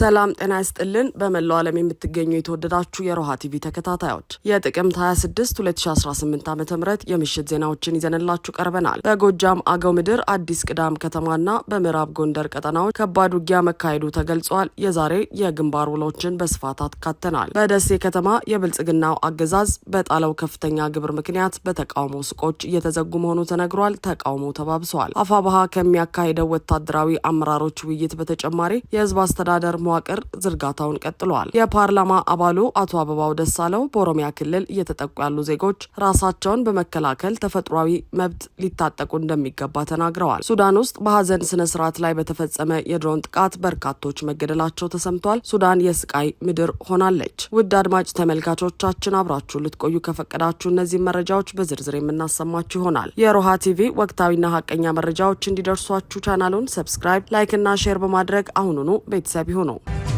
ሰላም ጤና ይስጥልን። በመላው ዓለም የምትገኙ የተወደዳችሁ የሮሃ ቲቪ ተከታታዮች የጥቅምት 26 2018 ዓ ም የምሽት ዜናዎችን ይዘንላችሁ ቀርበናል። በጎጃም አገው ምድር አዲስ ቅዳም ከተማና በምዕራብ ጎንደር ቀጠናዎች ከባድ ውጊያ መካሄዱ ተገልጿል። የዛሬ የግንባር ውሎችን በስፋት አካተናል። በደሴ ከተማ የብልጽግናው አገዛዝ በጣለው ከፍተኛ ግብር ምክንያት በተቃውሞ ሱቆች እየተዘጉ መሆኑ ተነግሯል። ተቃውሞ ተባብሰዋል። አፋባሃ ከሚያካሂደው ወታደራዊ አመራሮች ውይይት በተጨማሪ የህዝብ አስተዳደር መዋቅር ዝርጋታውን ቀጥሏል። የፓርላማ አባሉ አቶ አበባው ደሳለው በኦሮሚያ ክልል እየተጠቁ ያሉ ዜጎች ራሳቸውን በመከላከል ተፈጥሯዊ መብት ሊታጠቁ እንደሚገባ ተናግረዋል። ሱዳን ውስጥ በሀዘን ስነ ስርዓት ላይ በተፈጸመ የድሮን ጥቃት በርካቶች መገደላቸው ተሰምቷል። ሱዳን የስቃይ ምድር ሆናለች። ውድ አድማጭ ተመልካቾቻችን አብራችሁ ልትቆዩ ከፈቀዳችሁ እነዚህ መረጃዎች በዝርዝር የምናሰማችሁ ይሆናል። የሮሃ ቲቪ ወቅታዊና ሀቀኛ መረጃዎች እንዲደርሷችሁ ቻናሉን ሰብስክራይብ፣ ላይክ ሼር በማድረግ አሁኑኑ ቤተሰብ ይሁኑ። Journal.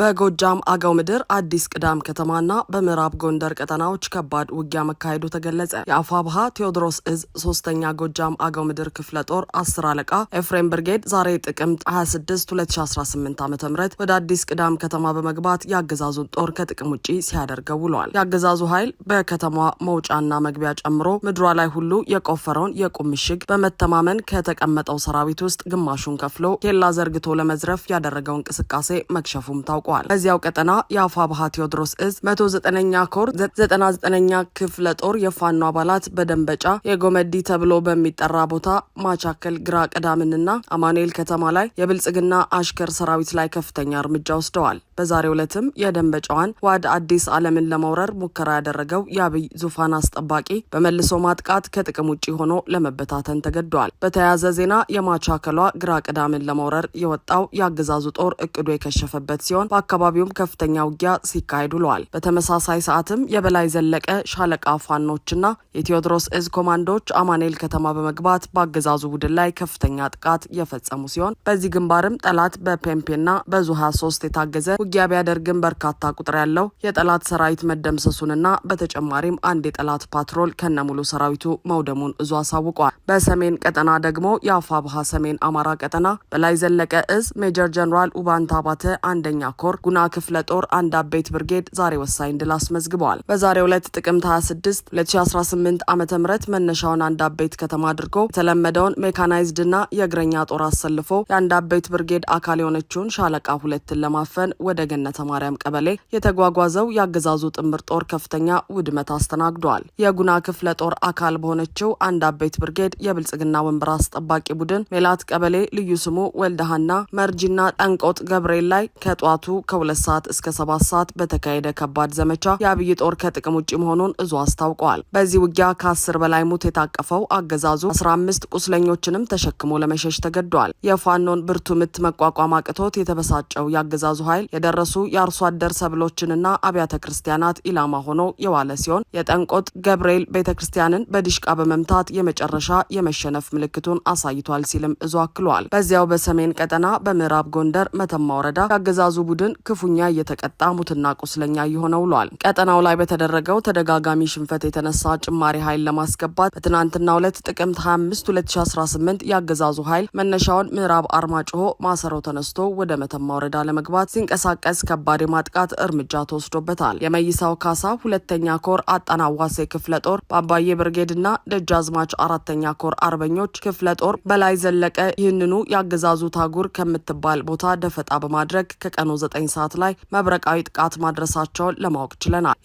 በጎጃም አገው ምድር አዲስ ቅዳም ከተማና በምዕራብ ጎንደር ቀጠናዎች ከባድ ውጊያ መካሄዱ ተገለጸ። የአፋ ብሃ ቴዎድሮስ እዝ ሶስተኛ ጎጃም አገው ምድር ክፍለ ጦር አስር አለቃ ኤፍሬም ብርጌድ ዛሬ ጥቅምት 26 2018 ዓ ም ወደ አዲስ ቅዳም ከተማ በመግባት የአገዛዙን ጦር ከጥቅም ውጪ ሲያደርገው ውለዋል። የአገዛዙ ኃይል በከተማ መውጫና መግቢያ ጨምሮ ምድሯ ላይ ሁሉ የቆፈረውን የቁም ምሽግ በመተማመን ከተቀመጠው ሰራዊት ውስጥ ግማሹን ከፍሎ ኬላ ዘርግቶ ለመዝረፍ ያደረገው እንቅስቃሴ መክሸፉም ታውቋል። ታውቋል። በዚያው ቀጠና የአፋ ባሃ ቴዎድሮስ እዝ መቶ ዘጠነኛ ኮር ዘጠና ዘጠነኛ ክፍለ ጦር የፋኖ አባላት በደንበጫ የጎመዲ ተብሎ በሚጠራ ቦታ ማቻከል ግራ ቀዳምንና አማኑኤል ከተማ ላይ የብልጽግና አሽከር ሰራዊት ላይ ከፍተኛ እርምጃ ወስደዋል። በዛሬው ዕለትም የደንበጫዋን ዋድ አዲስ ዓለምን ለመውረር ሙከራ ያደረገው የአብይ ዙፋን አስጠባቂ በመልሶ ማጥቃት ከጥቅም ውጭ ሆኖ ለመበታተን ተገደዋል። በተያያዘ ዜና የማቻከሏ ግራ ቅዳምን ለመውረር የወጣው የአገዛዙ ጦር እቅዱ የከሸፈበት ሲሆን በአካባቢውም ከፍተኛ ውጊያ ሲካሄድ ውለዋል። በተመሳሳይ ሰዓትም የበላይ ዘለቀ ሻለቃ ፋኖችና የቴዎድሮስ እዝ ኮማንዶዎች አማኔል ከተማ በመግባት በአገዛዙ ቡድን ላይ ከፍተኛ ጥቃት የፈጸሙ ሲሆን በዚህ ግንባርም ጠላት በፔምፔና በዙ 23 የታገዘ ውጊያ ቢያደርግም በርካታ ቁጥር ያለው የጠላት ሰራዊት መደምሰሱንና በተጨማሪም አንድ የጠላት ፓትሮል ከነሙሉ ሰራዊቱ መውደሙን እዙ አሳውቋል። በሰሜን ቀጠና ደግሞ የአፋ የአፋብሃ ሰሜን አማራ ቀጠና በላይ ዘለቀ እዝ ሜጀር ጀኔራል ኡባንታ ባተ አንደኛ ኮር ጉና ክፍለ ጦር አንድ አቤት ብርጌድ ዛሬ ወሳኝ ድል አስመዝግበዋል። በዛሬው ዕለት ጥቅምት 26 2018 ዓ ም መነሻውን አንድ አቤት ከተማ አድርጎ የተለመደውን ሜካናይዝድና የእግረኛ ጦር አሰልፎ የአንድ አቤት ብርጌድ አካል የሆነችውን ሻለቃ ሁለትን ለማፈን ወደ ገነተ ማርያም ቀበሌ የተጓጓዘው የአገዛዙ ጥምር ጦር ከፍተኛ ውድመት አስተናግዷል። የጉና ክፍለ ጦር አካል በሆነችው አንድ አቤት ብርጌድ የብልጽግና ወንበር አስጠባቂ ቡድን ሜላት ቀበሌ ልዩ ስሙ ወልደሃና መርጂና ጠንቆጥ ገብርኤል ላይ ከጧቱ ከሁለት ሰዓት እስከ ሰባት ሰዓት በተካሄደ ከባድ ዘመቻ የአብይ ጦር ከጥቅም ውጭ መሆኑን እዙ አስታውቀዋል። በዚህ ውጊያ ከአስር በላይ ሙት የታቀፈው አገዛዙ አስራ አምስት ቁስለኞችንም ተሸክሞ ለመሸሽ ተገደዋል። የፋኖን ብርቱ ምት መቋቋም አቅቶት የተበሳጨው የአገዛዙ ኃይል የደረሱ የአርሶ አደር ሰብሎችንና አብያተ ክርስቲያናት ኢላማ ሆኖ የዋለ ሲሆን የጠንቆት ገብርኤል ቤተ ክርስቲያንን በዲሽቃ በመምታት የመጨረሻ የመሸነፍ ምልክቱን አሳይቷል ሲልም እዙ አክሏል። በዚያው በሰሜን ቀጠና በምዕራብ ጎንደር መተማ ወረዳ የአገዛዙ ቡድን ቡድን ክፉኛ እየተቀጣ ሙትና ቁስለኛ እየሆነ ውሏል። ቀጠናው ላይ በተደረገው ተደጋጋሚ ሽንፈት የተነሳ ጭማሪ ኃይል ለማስገባት በትናንትናው ዕለት ጥቅምት 25 2018 የአገዛዙ ኃይል መነሻውን ምዕራብ አርማጭሆ ማሰሮ ተነስቶ ወደ መተማ ወረዳ ለመግባት ሲንቀሳቀስ ከባድ የማጥቃት እርምጃ ተወስዶበታል። የመይሳው ካሳ ሁለተኛ ኮር አጣናዋሴ ክፍለ ጦር በአባዬ ብርጌድና ደጃዝማች አራተኛ ኮር አርበኞች ክፍለ ጦር በላይ ዘለቀ ይህንኑ የአገዛዙ ታጉር ከምትባል ቦታ ደፈጣ በማድረግ ከቀኑ ዘጠኝ ሰዓት ላይ መብረቃዊ ጥቃት ማድረሳቸውን ለማወቅ ችለናል።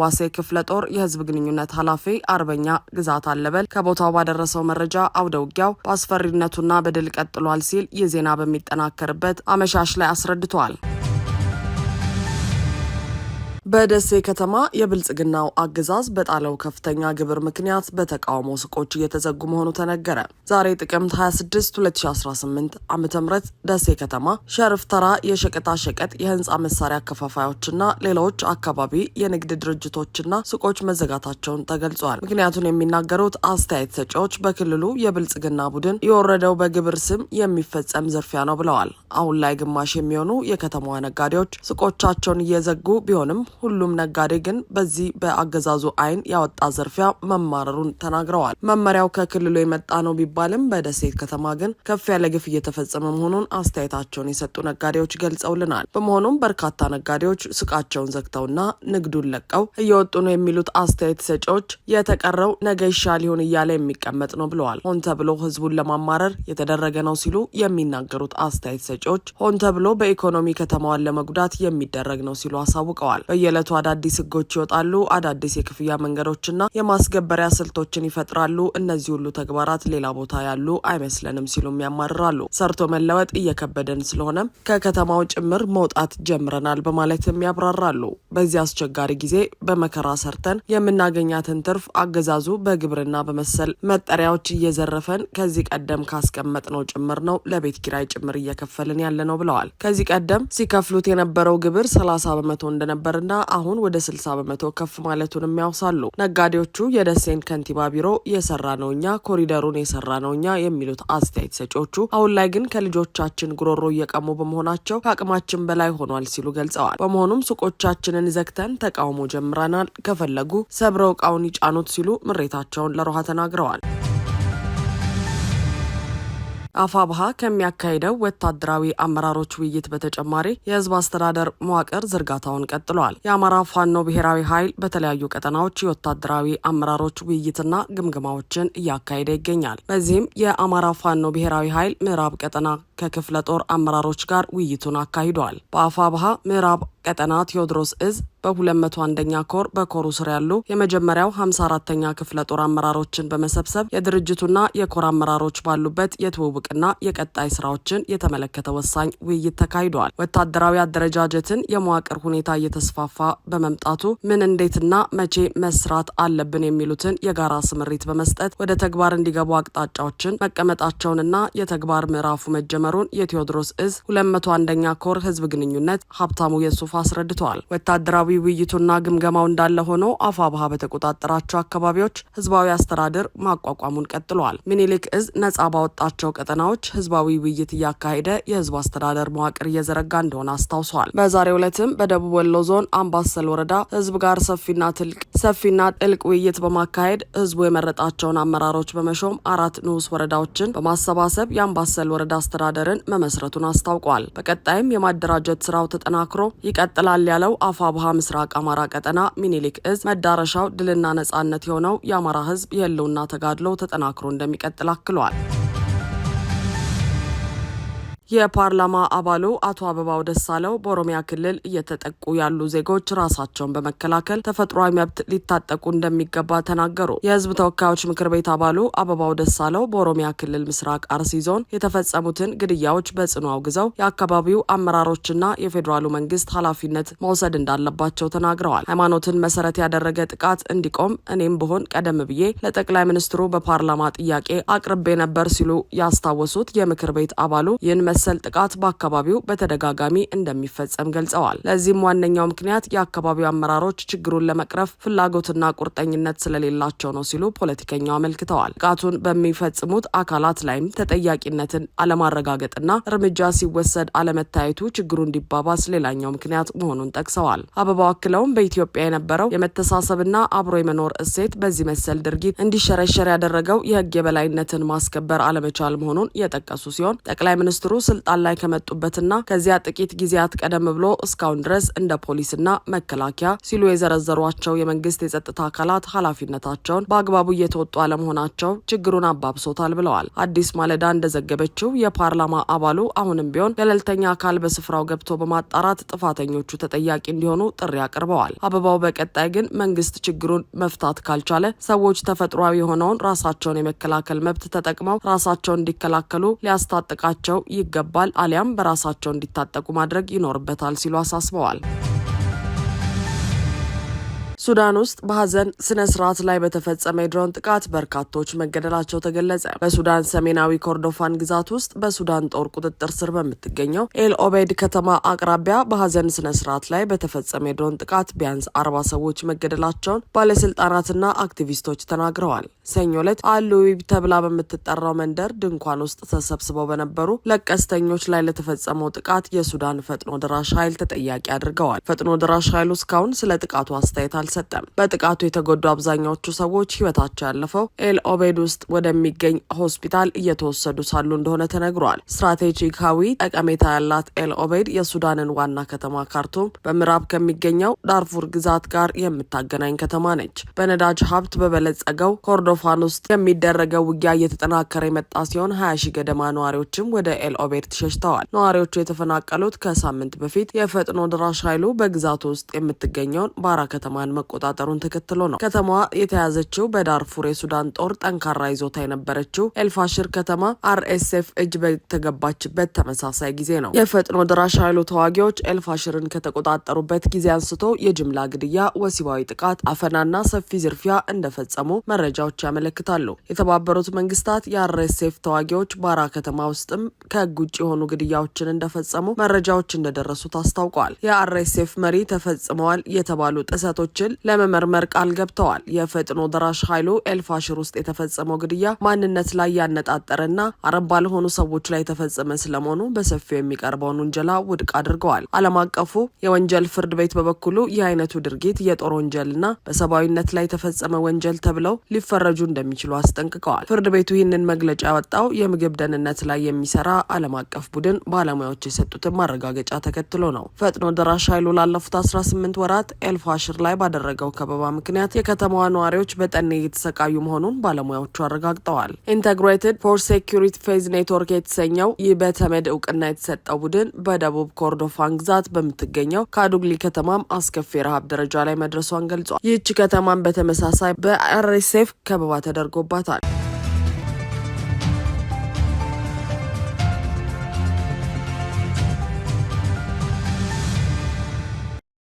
ዋሴ ክፍለ ጦር የህዝብ ግንኙነት ኃላፊ አርበኛ ግዛት አለበል ከቦታው ባደረሰው መረጃ አውደ ውጊያው በአስፈሪነቱና በድል ቀጥሏል ሲል የዜና በሚጠናከርበት አመሻሽ ላይ አስረድቷል። በደሴ ከተማ የብልጽግናው አገዛዝ በጣለው ከፍተኛ ግብር ምክንያት በተቃውሞ ሱቆች እየተዘጉ መሆኑ ተነገረ። ዛሬ ጥቅምት 26 2018 ዓ ም ደሴ ከተማ ሸርፍ ተራ ሸቀጥ፣ የህንፃ መሳሪያ አከፋፋዮችና ሌሎች አካባቢ የንግድ ድርጅቶችና ሱቆች መዘጋታቸውን ተገልጿል። ምክንያቱን የሚናገሩት አስተያየት ሰጪዎች በክልሉ የብልጽግና ቡድን የወረደው በግብር ስም የሚፈጸም ዝርፊያ ነው ብለዋል። አሁን ላይ ግማሽ የሚሆኑ የከተማዋ ነጋዴዎች ሱቆቻቸውን እየዘጉ ቢሆንም ሁሉም ነጋዴ ግን በዚህ በአገዛዙ አይን ያወጣ ዘርፊያ መማረሩን ተናግረዋል። መመሪያው ከክልሉ የመጣ ነው ቢባልም በደሴት ከተማ ግን ከፍ ያለ ግፍ እየተፈጸመ መሆኑን አስተያየታቸውን የሰጡ ነጋዴዎች ገልጸውልናል። በመሆኑም በርካታ ነጋዴዎች ሱቃቸውን ዘግተውና ንግዱን ለቀው እየወጡ ነው የሚሉት አስተያየት ሰጪዎች የተቀረው ነገ ይሻል ይሆን እያለ የሚቀመጥ ነው ብለዋል። ሆን ተብሎ ህዝቡን ለማማረር የተደረገ ነው ሲሉ የሚናገሩት አስተያየት ሰጪዎች ሆን ተብሎ በኢኮኖሚ ከተማዋን ለመጉዳት የሚደረግ ነው ሲሉ አሳውቀዋል። በየዕለቱ አዳዲስ ህጎች ይወጣሉ፣ አዳዲስ የክፍያ መንገዶችና የማስገበሪያ ስልቶችን ይፈጥራሉ። እነዚህ ሁሉ ተግባራት ሌላ ቦታ ያሉ አይመስለንም ሲሉም ያማርራሉ። ሰርቶ መለወጥ እየከበደን ስለሆነም ከከተማው ጭምር መውጣት ጀምረናል በማለትም ያብራራሉ። በዚህ አስቸጋሪ ጊዜ በመከራ ሰርተን የምናገኛትን ትርፍ አገዛዙ በግብርና በመሰል መጠሪያዎች እየዘረፈን ከዚህ ቀደም ካስቀመጥነው ጭምር ነው ለቤት ኪራይ ጭምር እየከፈልን ያለ ነው ብለዋል። ከዚህ ቀደም ሲከፍሉት የነበረው ግብር ሰላሳ በመቶ እንደነበርና አሁን ወደ 60 በመቶ ከፍ ማለቱንም ያውሳሉ። ነጋዴዎቹ የደሴን ከንቲባ ቢሮ የሰራ ነው እኛ ኮሪደሩን የሰራ ነው እኛ የሚሉት አስተያየት ሰጪዎቹ አሁን ላይ ግን ከልጆቻችን ጉሮሮ እየቀሙ በመሆናቸው ከአቅማችን በላይ ሆኗል ሲሉ ገልጸዋል። በመሆኑም ሱቆቻችንን ዘግተን ተቃውሞ ጀምረናል፣ ከፈለጉ ሰብረው እቃውን ይጫኑት ሲሉ ምሬታቸውን ለሮሃ ተናግረዋል። አፋብሃ ከሚያካሂደው ወታደራዊ አመራሮች ውይይት በተጨማሪ የህዝብ አስተዳደር መዋቅር ዝርጋታውን ቀጥሏል። የአማራ ፋኖ ብሔራዊ ኃይል በተለያዩ ቀጠናዎች የወታደራዊ አመራሮች ውይይትና ግምግማዎችን እያካሄደ ይገኛል። በዚህም የአማራ ፋኖ ብሔራዊ ኃይል ምዕራብ ቀጠና ከክፍለ ጦር አመራሮች ጋር ውይይቱን አካሂደዋል። በአፋብሃ ምዕራብ ቀጠና ቴዎድሮስ እዝ በ201ኛ ኮር በኮሩ ስር ያሉ የመጀመሪያው 54ተኛ ክፍለ ጦር አመራሮችን በመሰብሰብ የድርጅቱና የኮር አመራሮች ባሉበት የትውውቅና የቀጣይ ስራዎችን የተመለከተ ወሳኝ ውይይት ተካሂደዋል። ወታደራዊ አደረጃጀትን የመዋቅር ሁኔታ እየተስፋፋ በመምጣቱ ምን እንዴትና መቼ መስራት አለብን የሚሉትን የጋራ ስምሪት በመስጠት ወደ ተግባር እንዲገቡ አቅጣጫዎችን መቀመጣቸውንና የተግባር ምዕራፉ መጀመር መጀመሩን የቴዎድሮስ እዝ ሁለት መቶ አንደኛ ኮር ህዝብ ግንኙነት ሀብታሙ የሱፍ አስረድተዋል። ወታደራዊ ውይይቱና ግምገማው እንዳለ ሆኖ አፋብሃ በተቆጣጠራቸው አካባቢዎች ህዝባዊ አስተዳደር ማቋቋሙን ቀጥሏል። ሚኒሊክ እዝ ነጻ ባወጣቸው ቀጠናዎች ህዝባዊ ውይይት እያካሄደ የህዝቡ አስተዳደር መዋቅር እየዘረጋ እንደሆነ አስታውሰዋል። በዛሬው ዕለትም በደቡብ ወሎ ዞን አምባሰል ወረዳ ህዝብ ጋር ሰፊና ትልቅ ሰፊና ጥልቅ ውይይት በማካሄድ ህዝቡ የመረጣቸውን አመራሮች በመሾም አራት ንዑስ ወረዳዎችን በማሰባሰብ የአምባሰል ወረዳ አስተዳደር አስተዳደርን መመስረቱን አስታውቋል። በቀጣይም የማደራጀት ስራው ተጠናክሮ ይቀጥላል ያለው አፋብሃ ምስራቅ አማራ ቀጠና ሚኒሊክ እዝ መዳረሻው ድልና ነጻነት የሆነው የአማራ ህዝብ የህልውና ተጋድሎ ተጠናክሮ እንደሚቀጥል አክሏል። የፓርላማ አባሉ አቶ አበባው ደሳለው በኦሮሚያ ክልል እየተጠቁ ያሉ ዜጎች ራሳቸውን በመከላከል ተፈጥሯዊ መብት ሊታጠቁ እንደሚገባ ተናገሩ። የህዝብ ተወካዮች ምክር ቤት አባሉ አበባው ደሳለው በኦሮሚያ ክልል ምስራቅ አርሲ ዞን የተፈጸሙትን ግድያዎች በጽኑ አውግዘው የአካባቢው አመራሮችና የፌዴራሉ መንግስት ኃላፊነት መውሰድ እንዳለባቸው ተናግረዋል። ሃይማኖትን መሰረት ያደረገ ጥቃት እንዲቆም እኔም ብሆን ቀደም ብዬ ለጠቅላይ ሚኒስትሩ በፓርላማ ጥያቄ አቅርቤ ነበር ሲሉ ያስታወሱት የምክር ቤት አባሉ ይህን መሰል ጥቃት በአካባቢው በተደጋጋሚ እንደሚፈጸም ገልጸዋል። ለዚህም ዋነኛው ምክንያት የአካባቢው አመራሮች ችግሩን ለመቅረፍ ፍላጎትና ቁርጠኝነት ስለሌላቸው ነው ሲሉ ፖለቲከኛው አመልክተዋል። ጥቃቱን በሚፈጽሙት አካላት ላይም ተጠያቂነትን አለማረጋገጥና እርምጃ ሲወሰድ አለመታየቱ ችግሩ እንዲባባስ ሌላኛው ምክንያት መሆኑን ጠቅሰዋል። አበባው አክለውም በኢትዮጵያ የነበረው የመተሳሰብና አብሮ የመኖር እሴት በዚህ መሰል ድርጊት እንዲሸረሸር ያደረገው የህግ የበላይነትን ማስከበር አለመቻል መሆኑን የጠቀሱ ሲሆን ጠቅላይ ሚኒስትሩ ስልጣን ላይ ከመጡበትና ከዚያ ጥቂት ጊዜያት ቀደም ብሎ እስካሁን ድረስ እንደ ፖሊስና መከላከያ ሲሉ የዘረዘሯቸው የመንግስት የጸጥታ አካላት ኃላፊነታቸውን በአግባቡ እየተወጡ አለመሆናቸው ችግሩን አባብሶታል ብለዋል። አዲስ ማለዳ እንደዘገበችው የፓርላማ አባሉ አሁንም ቢሆን ገለልተኛ አካል በስፍራው ገብቶ በማጣራት ጥፋተኞቹ ተጠያቂ እንዲሆኑ ጥሪ አቅርበዋል። አበባው በቀጣይ ግን መንግስት ችግሩን መፍታት ካልቻለ ሰዎች ተፈጥሯዊ የሆነውን ራሳቸውን የመከላከል መብት ተጠቅመው ራሳቸውን እንዲከላከሉ ሊያስታጥቃቸው ይገባል ይገባል፣ አሊያም በራሳቸው እንዲታጠቁ ማድረግ ይኖርበታል ሲሉ አሳስበዋል። ሱዳን ውስጥ በሀዘን ስነ ስርዓት ላይ በተፈጸመ የድሮን ጥቃት በርካቶች መገደላቸው ተገለጸ። በሱዳን ሰሜናዊ ኮርዶፋን ግዛት ውስጥ በሱዳን ጦር ቁጥጥር ስር በምትገኘው ኤል ኦቤድ ከተማ አቅራቢያ በሀዘን ስነ ስርዓት ላይ በተፈጸመ የድሮን ጥቃት ቢያንስ አርባ ሰዎች መገደላቸውን ባለስልጣናትና አክቲቪስቶች ተናግረዋል። ሰኞ ዕለት አሉዊብ ተብላ በምትጠራው መንደር ድንኳን ውስጥ ተሰብስበው በነበሩ ለቀስተኞች ላይ ለተፈጸመው ጥቃት የሱዳን ፈጥኖ ደራሽ ኃይል ተጠያቂ አድርገዋል። ፈጥኖ ደራሽ ኃይሉ እስካሁን ስለ ጥቃቱ አስተያየት አልሰ አልተሰጠም። በጥቃቱ የተጎዱ አብዛኛዎቹ ሰዎች ህይወታቸው ያለፈው ኤል ኦቤድ ውስጥ ወደሚገኝ ሆስፒታል እየተወሰዱ ሳሉ እንደሆነ ተነግሯል። ስትራቴጂካዊ ጠቀሜታ ያላት ኤል ኦቤድ የሱዳንን ዋና ከተማ ካርቱም በምዕራብ ከሚገኘው ዳርፉር ግዛት ጋር የምታገናኝ ከተማ ነች። በነዳጅ ሀብት በበለጸገው ኮርዶፋን ውስጥ የሚደረገው ውጊያ እየተጠናከረ የመጣ ሲሆን ሀያ ሺህ ገደማ ነዋሪዎችም ወደ ኤል ኦቤድ ተሸሽተዋል። ነዋሪዎቹ የተፈናቀሉት ከሳምንት በፊት የፈጥኖ ድራሽ ኃይሉ በግዛቱ ውስጥ የምትገኘውን ባራ ከተማን መ መቆጣጠሩን ተከትሎ ነው። ከተማዋ የተያዘችው በዳርፉር የሱዳን ጦር ጠንካራ ይዞታ የነበረችው ኤልፋሽር ከተማ አርኤስኤፍ እጅ በተገባችበት ተመሳሳይ ጊዜ ነው። የፈጥኖ ደራሽ ኃይሉ ተዋጊዎች ኤልፋሽርን ከተቆጣጠሩበት ጊዜ አንስቶ የጅምላ ግድያ፣ ወሲባዊ ጥቃት፣ አፈናና ሰፊ ዝርፊያ እንደፈጸሙ መረጃዎች ያመለክታሉ። የተባበሩት መንግስታት የአርኤስኤፍ ተዋጊዎች ባራ ከተማ ውስጥም ከህግ ውጭ የሆኑ ግድያዎችን እንደፈጸሙ መረጃዎች እንደደረሱት አስታውቀዋል። የአርኤስኤፍ መሪ ተፈጽመዋል የተባሉ ጥሰቶችን ለመመርመር ቃል ገብተዋል። የፈጥኖ ደራሽ ኃይሉ ኤልፋሽር ውስጥ የተፈጸመው ግድያ ማንነት ላይ ያነጣጠረና አረብ ባልሆኑ ሰዎች ላይ የተፈጸመ ስለመሆኑ በሰፊው የሚቀርበውን ውንጀላ ውድቅ አድርገዋል። ዓለም አቀፉ የወንጀል ፍርድ ቤት በበኩሉ ይህ አይነቱ ድርጊት የጦር ወንጀልና በሰብአዊነት ላይ የተፈጸመ ወንጀል ተብለው ሊፈረጁ እንደሚችሉ አስጠንቅቀዋል። ፍርድ ቤቱ ይህንን መግለጫ ያወጣው የምግብ ደህንነት ላይ የሚሰራ ዓለም አቀፍ ቡድን ባለሙያዎች የሰጡትን ማረጋገጫ ተከትሎ ነው። ፈጥኖ ደራሽ ኃይሉ ላለፉት 18 ወራት ኤልፋሽር ላይ ባደ ባደረገው ከበባ ምክንያት የከተማዋ ነዋሪዎች በጠኔ እየተሰቃዩ መሆኑን ባለሙያዎቹ አረጋግጠዋል። ኢንተግሬትድ ፎር ሴኩሪቲ ፌዝ ኔትወርክ የተሰኘው ይህ በተመድ እውቅና የተሰጠው ቡድን በደቡብ ኮርዶፋን ግዛት በምትገኘው ካዱግሊ ከተማም አስከፊ የረሃብ ደረጃ ላይ መድረሷን ገልጿል። ይህች ከተማም በተመሳሳይ በአርኤስኤፍ ከበባ ተደርጎባታል።